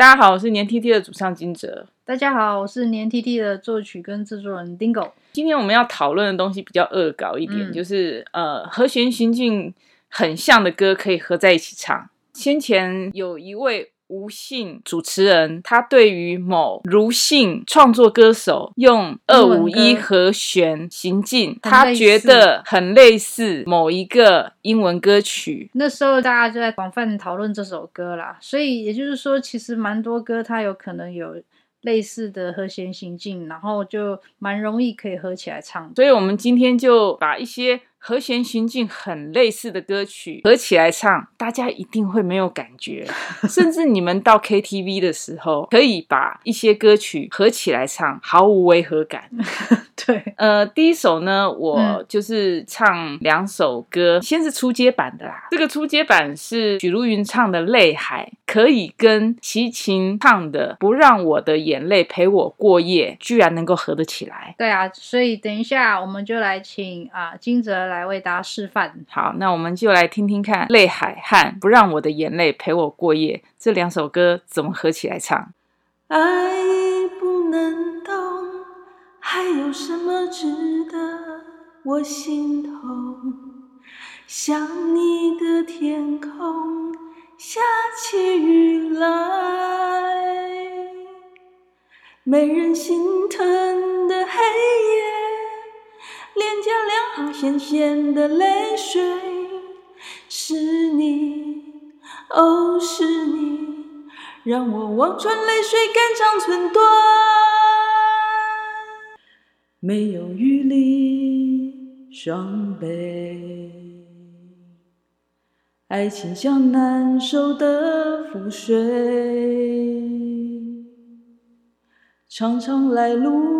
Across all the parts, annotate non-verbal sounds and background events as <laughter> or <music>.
大家好，我是黏 tt 的主唱君哲。大家好，我是黏 tt 的作曲跟製作人 Dingo。今天我們要討論的東西比較惡搞一點，嗯、就是呃和弦行進很像的歌可以合在一起唱。先前有一位。吳姓主持人，他對於某盧姓創作歌手用二五一和弦行進，他覺得很類似某一個英文歌曲。那時候大家就在廣泛討論這首歌啦，所以也就是說，其實蠻多歌它有可能有類似的和弦行進，然後就蠻容易可以合起來唱。所以我們今天就把一些，和弦行進很類似的歌曲合起來唱，大家一定會沒有感覺。 <laughs> 甚至你們到 KTV 的時候，可以把一些歌曲合起來唱，毫無違和感。 <laughs> 對，呃，第一首呢，我就是唱兩首歌，嗯、先是初階版的啦。這個初階版是許茹芸唱的《淚海》，可以跟齊秦唱的《不讓我的眼淚陪我過夜》，居然能夠合得起來。對啊，所以等一下我們就來請啊俊哲，來為大家示範。好，那我們就來聽聽看《淚海》和《不讓我的眼淚陪我過夜》這兩首歌怎麼合起來唱。愛已不能動，還有什麼值得我心痛？想你的天空下起雨來，沒人心疼的黑夜。臉頰兩行鹹鹹的淚水，是你，哦，是你，讓我望穿淚水，肝腸寸斷，沒有餘力傷悲。愛情像難收的覆水，常常來路。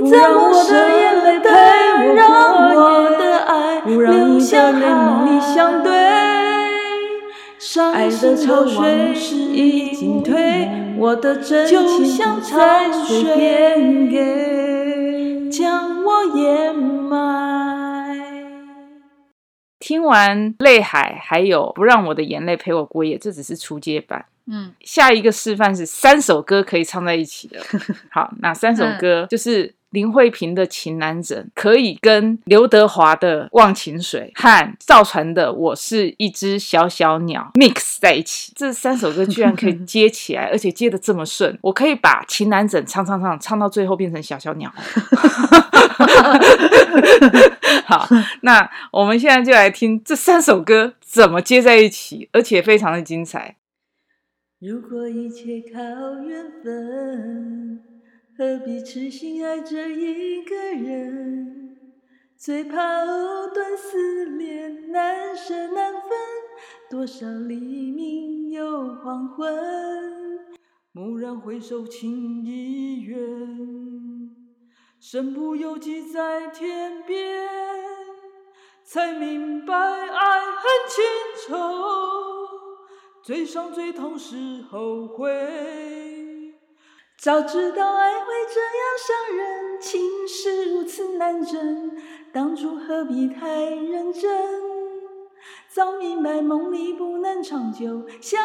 不讓我的眼淚陪我過夜，不讓你的臉夢裡相對。愛如潮水已經退，我的真情像殘缺給，將我掩埋。聽完《淚海》，還有《不讓我的眼淚陪我過夜》，這只是初階版。嗯，下一個示範是三首歌可以唱在一起的。 <laughs> 好，那三首歌，嗯、就是。林慧萍的《情難枕》可以跟劉德華的《忘情水》和趙傳的《我是一隻小小鳥》 <music> mix 在一起。這三首歌居然可以接起來， <laughs> 而且接得這麼順，我可以把《情難枕》唱唱唱唱到最後變成《小小鳥。》 <laughs> 好，那我們現在就來聽這三首歌怎麼接在一起，而且非常的精彩。如果一切靠緣分，何必痴心愛着一個人？最怕藕斷絲連，難捨難分。多少黎明又黃昏，驀然回首，情已遠，身不由己在天邊。才明白愛恨情仇，最傷最痛是後悔。早知道愛會這樣傷人，情是如此難枕，當初何必太認真，早明白夢裡不能長久相。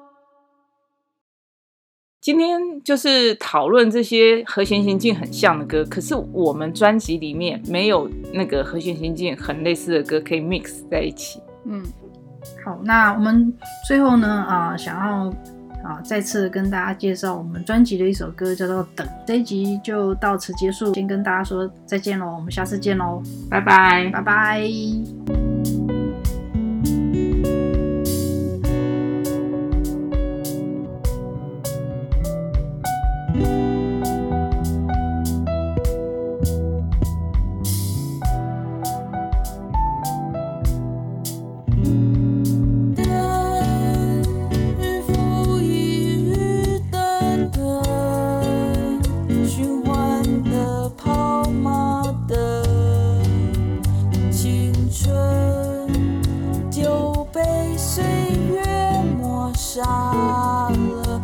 今天就是討論這些和弦行進很像的歌，可是我們專輯裡面沒有那個和弦行進很類似的歌可以 mix 在一起。嗯，好，那我們最後呢，啊、呃，想要啊、呃，再次跟大家介紹我們專輯的一首歌，叫做《等》。這一集就到此結束，先跟大家說再見嘍，我們下次見嘍，拜拜，拜拜。